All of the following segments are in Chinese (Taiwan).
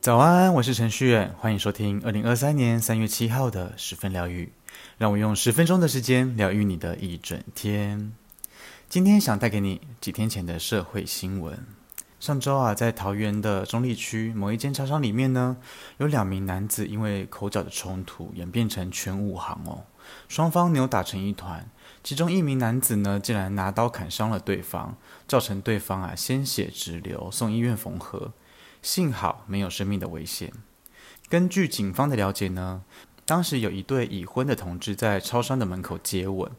早安，我是程序員，歡迎收聽二零二三年三月七號的十分療癒。讓我用十分鐘的時間療癒你的一整天。今天想帶給你幾天前的社會新聞。上週啊，在桃園的中壢區某一間超商裡面呢，有兩名男子因為口角的衝突演變成全武行哦，雙方扭打成一團，其中一名男子呢竟然拿刀砍傷了對方，造成對方啊鮮血直流，送醫院縫合，幸好沒有生命的危險。根據警方的了解呢，當時有一對已婚的同志在超商的門口接吻。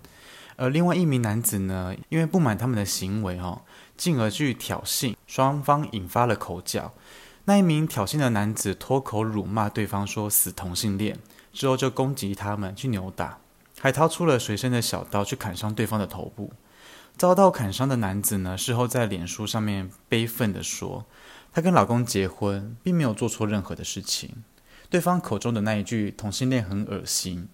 而另外一名男子呢，因為不滿他們的行為哈、哦，進而去挑釁，雙方引發了口角。那一名挑釁的男子脫口辱罵對方說“死同性戀”，之後就攻擊他們去扭打，還掏出了隨身的小刀去砍傷對方的頭部。遭到砍傷的男子呢，事後在臉書上面悲憤地說：“他跟老公結婚，並沒有做錯任何的事情。對方口中的那一句‘同性戀很惡心’，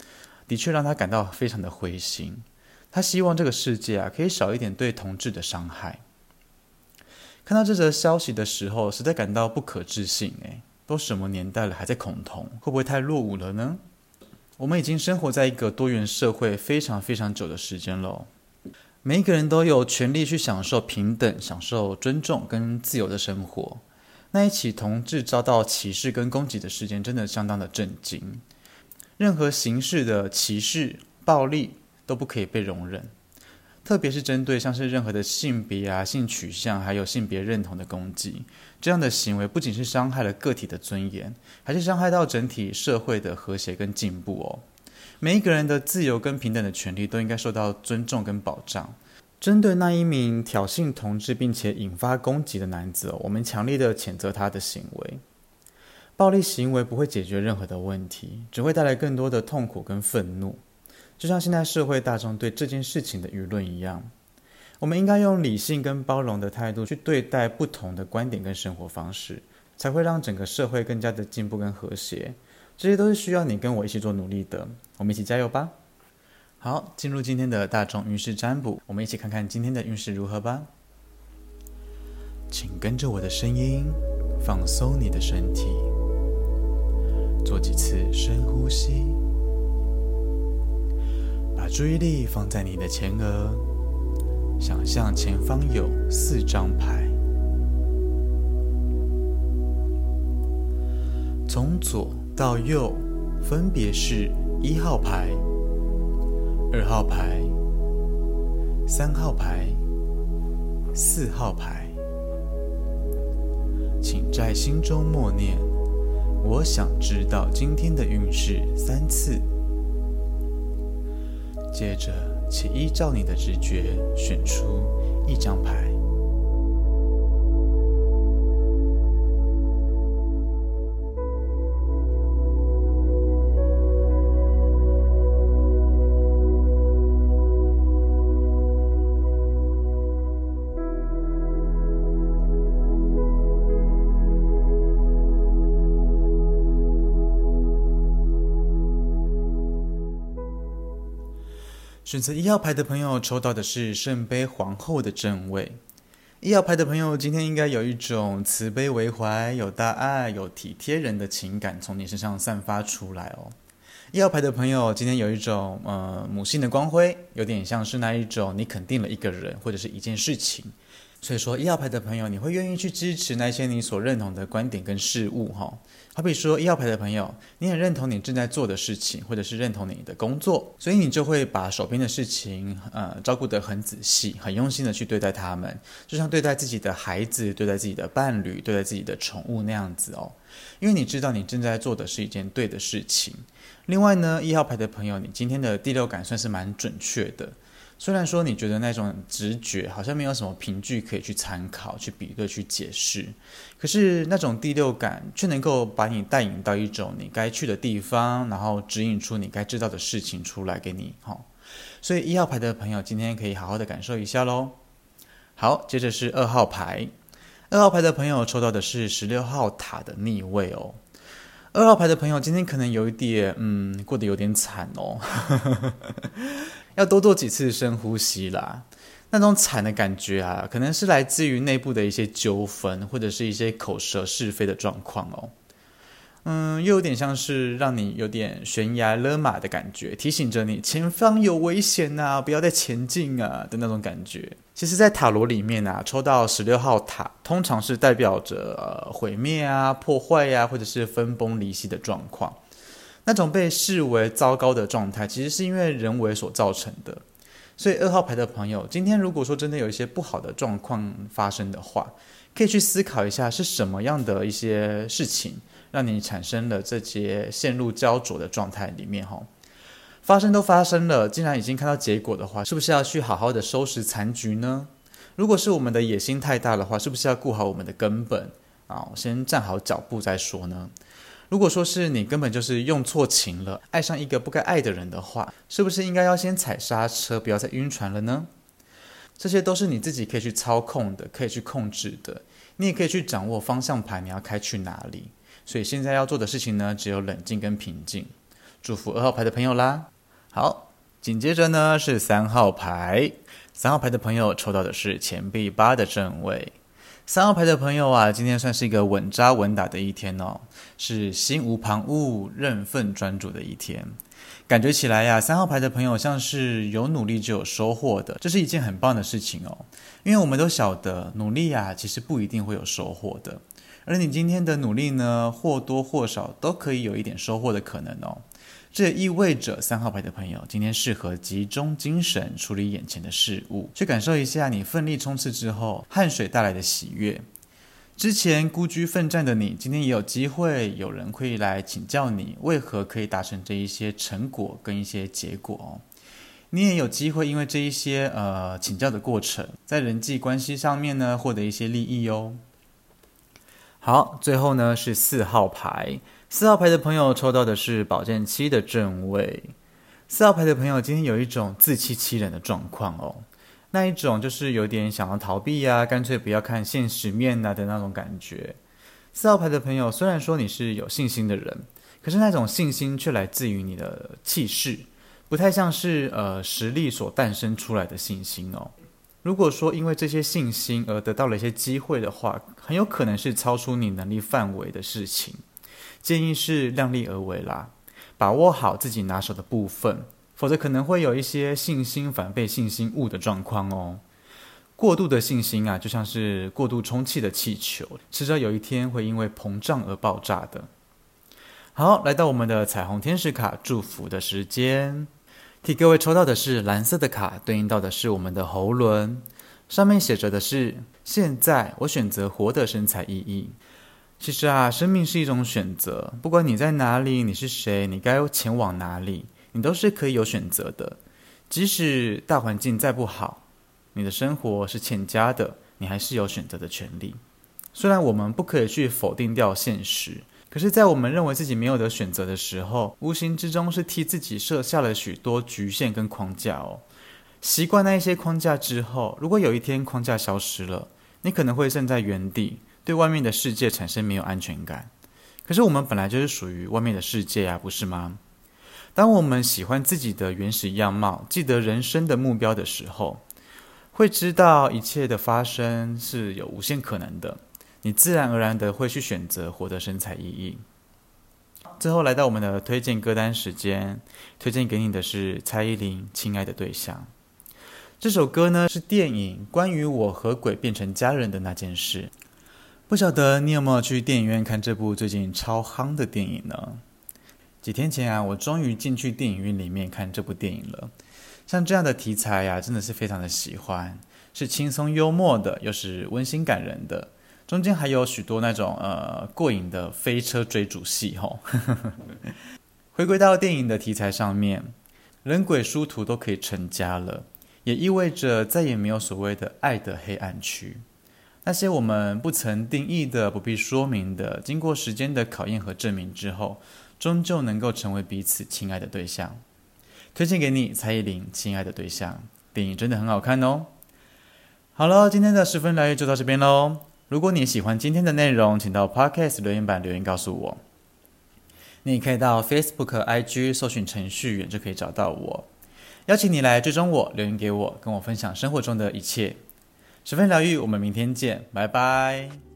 的確讓他感到非常的灰心。”他希望這個世界啊，可以少一點對同志的傷害。看到這則消息的時候，實在感到不可置信。誒，都什麼年代了，還在恐同，會不會太落伍了呢？我們已經生活在一個多元社會非常非常久的時間嘍。每一個人都有權利去享受平等、享受尊重跟自由的生活。那一起同志遭到歧視跟攻擊的事件，真的相當的震驚。任何形式的歧視、暴力。都不可以被容忍，特別是針對像是任何的性別啊、性取向，還有性別認同的攻擊，這樣的行為不僅是傷害了個體的尊嚴，還是傷害到整體社會的和諧跟進步哦。每一個人的自由跟平等的權利都應該受到尊重跟保障。針對那一名挑釁同志並且引發攻擊的男子哦，我們強烈的譴責他的行為。暴力行為不會解決任何的問題，只會帶來更多的痛苦跟憤怒。就像現在社會大眾對這件事情的輿論一樣，我們應該用理性跟包容的態度去對待不同的觀點跟生活方式，才會讓整個社會更加的進步跟和諧。這些都是需要你跟我一起做努力的，我們一起加油吧！好，進入今天的大眾運勢占卜，我們一起看看今天的運勢如何吧。請跟着我的聲音，放鬆你的身體，做幾次深呼吸。把注意力放在你的前額，想象前方有四張牌，從左到右分別是：一號牌、二號牌、三號牌、四號牌。請在心中默念：“我想知道今天的運勢三次。”接着，請依照你的直覺選出一張牌。選擇一號牌的朋友抽到的是聖杯皇後的正位，一號牌的朋友今天應該有一種慈悲為懷、有大愛、有體貼人的情感從你身上散發出來哦。一號牌的朋友今天有一種呃母性的光輝，有點像是那一種你肯定了一個人或者是一件事情。所以說，一號牌的朋友，你會願意去支持那些你所認同的觀點跟事物，哦，哈。好比說，一號牌的朋友，你很認同你正在做的事情，或者是認同你的工作，所以你就會把手邊的事情，呃，照顧得很仔細，很用心的去對待他們，就像對待自己的孩子、對待自己的伴侶、對待自己的寵物那樣子哦。因為你知道你正在做的是一件對的事情。另外呢，一號牌的朋友，你今天的第六感算是蠻準確的。雖然說你覺得那種直覺好像沒有什麼憑據可以去參考、去比對、去解釋，可是那種第六感卻能夠把你帶引到一種你該去的地方，然後指引出你該知道的事情出來給你。哈、哦，所以一號牌的朋友今天可以好好的感受一下嘍。好，接着是二號牌，二號牌的朋友抽到的是十六號塔的逆位哦。二號牌的朋友今天可能有一點，嗯，過得有點慘哦。 要多做幾次深呼吸啦，那種慘的感覺啊，可能是來自於內部的一些糾紛，或者是一些口舌是非的狀況哦。嗯，又有點像是讓你有點懸崖勒馬的感覺，提醒着你前方有危險吶、啊，不要再前進啊的那種感覺。其實，在塔羅裡面啊，抽到十六號塔，通常是代表着毀滅啊、破壞呀、啊，或者是分崩離析的狀況。那種被視為糟糕的狀態，其實是因為人為所造成的。所以二號牌的朋友，今天如果說真的有一些不好的狀況發生的話，可以去思考一下是什麼樣的一些事情讓你產生了這些陷入焦灼的狀態裡面哈。發生都發生了，既然已經看到結果的話，是不是要去好好的收拾殘局呢？如果是我們的野心太大的話，是不是要顧好我們的根本啊？我先站好腳步再說呢？如果說是你根本就是用錯情了，愛上一個不該愛的人的話，是不是應該要先踩剎車，不要再暈船了呢？這些都是你自己可以去操控的，可以去控制的，你也可以去掌握方向盤，你要開去哪裡？所以現在要做的事情呢，只有冷靜跟平靜。祝福二號牌的朋友啦。好，緊接着呢是三號牌，三號牌的朋友抽到的是錢幣八的正位。三號牌的朋友啊，今天算是一個穩紮穩打的一天哦，是心無旁騖、認份專注的一天。感覺起來呀、啊，三號牌的朋友像是有努力就有收穫的，這是一件很棒的事情哦。因為我們都曉得，努力呀、啊，其實不一定會有收穫的。而你今天的努力呢，或多或少都可以有一點收穫的可能哦。這也意味着三號牌的朋友今天適合集中精神處理眼前的事物，去感受一下你奮力衝刺之後汗水帶來的喜悅。之前孤軍奮戰的你，今天也有機會，有人會來請教你為何可以達成這一些成果跟一些結果哦。你也有機會，因為這一些呃請教的過程，在人際關係上面呢獲得一些利益喲哦。好，最後呢是四號牌。四號牌的朋友抽到的是寶劍七的正位，四號牌的朋友今天有一種自欺欺人的狀況哦，那一種就是有點想要逃避呀、啊，乾脆不要看現實面吶、啊、的那種感覺。四號牌的朋友雖然說你是有信心的人，可是那種信心卻來自於你的氣勢，不太像是呃實力所誕生出來的信心哦。如果說因為這些信心而得到了一些機會的話，很有可能是超出你能力範圍的事情。建議是量力而為啦，把握好自己拿手的部分，否則可能會有一些信心反被信心誤的狀況哦。過度的信心啊，就像是過度充氣的氣球，遲早有一天會因為膨脹而爆炸的。好，來到我們的彩虹天使卡祝福的時間，替各位抽到的是藍色的卡，對應到的是我們的喉輪，上面寫着的是：現在我選擇活得神采奕奕。其實啊，生命是一種選擇。不管你在哪裡，你是誰，你該前往哪裡，你都是可以有選擇的。即使大環境再不好，你的生活是欠佳的，你還是有選擇的權利。雖然我們不可以去否定掉現實，可是，在我們認為自己沒有得選擇的時候，無形之中是替自己設下了許多局限跟框架哦。習慣那一些框架之後，如果有一天框架消失了，你可能會站在原地，對外面的世界產生沒有安全感，可是我們本來就是屬於外面的世界呀、啊，不是嗎？當我們喜歡自己的原始樣貌，記得人生的目標的時候，會知道一切的發生是有無限可能的。你自然而然的會去選擇活得神采奕奕。最後來到我們的推薦歌單時間，推薦給你的是蔡依林《親愛的對象》這首歌呢，是電影《關於我和鬼變成家人的那件事》。不曉得你有沒有去電影院看這部最近超夯的電影呢？幾天前啊，我終於進去電影院裡面看這部電影了。像這樣的題材呀、啊，真的是非常的喜歡，是輕鬆幽默的，又是溫馨感人的，中間還有許多那種呃過癮的飛車追逐戲吼、呵、哦、 回歸到電影的題材上面，人鬼殊途都可以成家了，也意味着再也沒有所謂的愛的黑暗區。那些我們不曾定義的、不必說明的，經過時間的考驗和證明之後，終究能夠成為彼此親愛的對象。推薦給你蔡依林《親愛的對象》電影，真的很好看哦。好了，今天的十分療癒就到這邊嘍。如果你喜歡今天的內容，請到 Podcast 留言板留言告訴我。你可以到 Facebook、IG 搜尋程序員就可以找到我。邀請你來追蹤我，留言給我，跟我分享生活中的一切。十分療癒，我們明天見，拜拜。